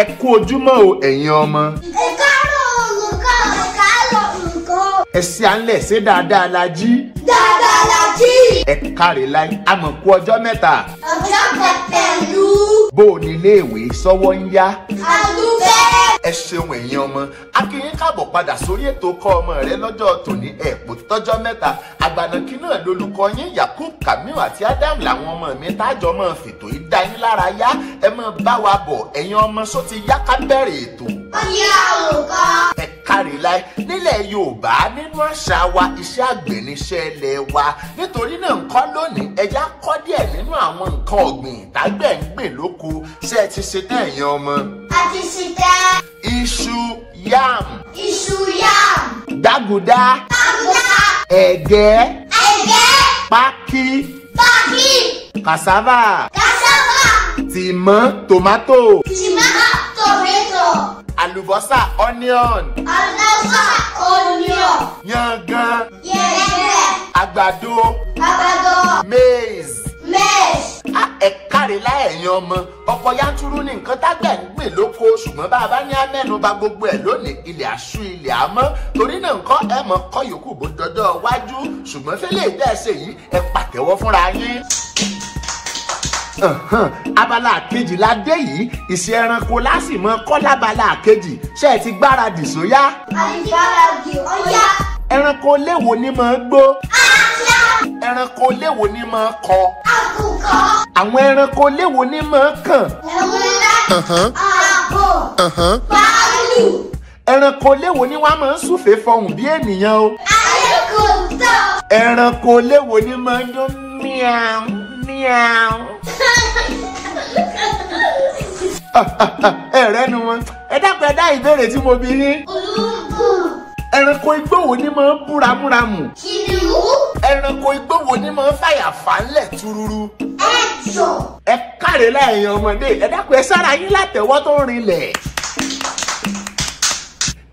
ẹ kú ojúmọ́ o ẹ̀yin ọmọ. ẹ káàárọ̀ olùkọ́ ẹ káàárọ̀ olùkọ́. ẹ ṣe àńlẹ̀ ṣe dáadáa la jí. dáadáa la jí. ẹ káre láì àmọ̀ kú ọjọ́ mẹ́ta. ọjọ́ kẹtẹ̀lú. bó o nílé ìwé sọ́wọ́ ń yá. àlù ẹ ṣeun ẹ̀yin ọmọ akínyín káàbọ̀ padà sórí ètò kọ́ ọmọ rẹ lọ́jọ́ tòní ẹ̀pọ̀ tọ́jọ́ mẹ́ta àgbànàkí náà lolùkọ́ yín Yakub Kamil àti Adam làwọn ọmọ mi tájọ mọ́ fètò ìdá yín lára yá ẹ mọ́ bá wa bọ̀ ẹ̀yin ọmọ só ti yá ká bẹ̀rẹ̀ ètò. ó yẹ àwòkọ́. ẹ kárí láì nílẹ̀ Yorùbá nínú àṣà wa iṣẹ́ àgbẹ̀ níṣẹ́ ilẹ̀ wa nítorí náà nǹkan lónìí ẹja kọ́ díẹ̀ nínú àwọn nǹkan ọ̀gbìn ìtàgbẹ̀ ń gbìn lóko ṣé ẹ ti ṣe tẹ́ ẹ̀yin ọmọ. a ti ṣe tẹ́. Iṣu yam. Iṣu yam. Gbàgùdá. Gbàgùdá. Ẹ̀gẹ́. Ẹ̀gẹ́. Pákí. Pákí. Cassava. Cassava. Tìmọ́ tòmátò. Tìmọ́ tòmátò. Àlùbọ́sà onion. Àlùbọ́sà onion. Yangan. Yẹ̀rẹ̀. Àgbàdo. Àgbàdo. ẹ̀yin ọmọ ọ̀pọ̀ yanturu ní nǹkan tágbẹ̀ ń gbìn lóko ṣùgbọ́n bá a bá ní amẹ́nuba gbogbo ẹ̀ lónìí ilẹ̀ àṣù ilẹ̀ àmọ́ torí náà nǹkan ẹ mọ̀ kọ́ yòókù bó dọjọ́ wájú ṣùgbọ́n fẹ́lẹ́ ìdẹ́sẹ̀ yìí ẹ pàtẹ́wọ́ fúnra yín abala kejì la dé yìí ìṣe ẹranko lásìmọ kọ́ lábala kejì ṣe é ti gbáradì sóyá. àti gbáradì ọyá. ẹranko léwo ni máa gbó. ẹranko léwo ni àwọn ẹranko léwo ní máa kàn. ẹ̀wúrẹ́ àgbò báàlù. ẹranko léwo ni wọ́n máa ń súfèé fọhùn bí ènìyàn o. ayékòótọ́. ẹranko léwo ni máa ń dún miau miau. ẹ̀rẹ́ nu wọn ẹ dákun ẹ dá ìbéèrè tí mo bi yín. olúkú ẹranko igbó wo ni máa ń búramúramù. kìnìún. ẹranko igbó wo ni máa ń fàyà fà ńlẹ̀ túrúrú ẹ káre láàyè ọmọdé ẹ dákun ẹ sára yín látẹ̀wọ́ tó ń rinlẹ̀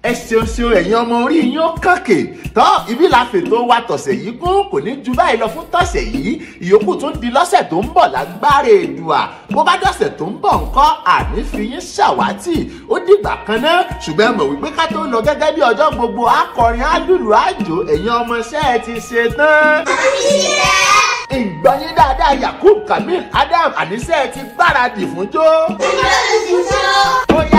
ẹ ṣeun ṣeun ẹ̀yin ọmọ orí yín ó kàkè tọ́ ibi la fètò wa tọ̀sẹ̀ yìí kún kò ní ju báyìí lọ fún tọ̀sẹ̀ yìí ìyókù tún di lọ́sẹ̀ tó ń bọ̀ lágbára èdùà bó bá dọ̀sẹ̀ tó ń bọ̀ ńkọ́ àní fi yín ṣàwátì ó dìgbà kan náà ṣùgbọ́n mọ̀ wípé ká tó lọ gẹ́gẹ́ bí ọjọ́ gbogbo akọrin á lùlù àjò ẹ̀yin ọmọ iṣẹ́ ti ṣe tán. ìgbọ́nyídà bàbá Yakub Kamil Adam àníṣe ti gbáradì fún jó. ìjọba ti jó.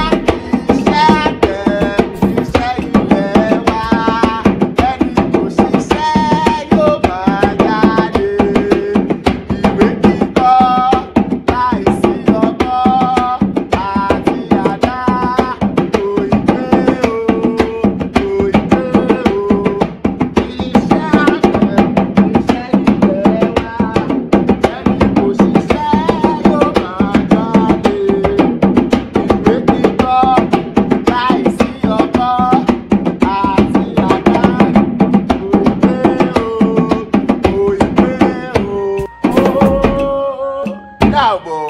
out, boy.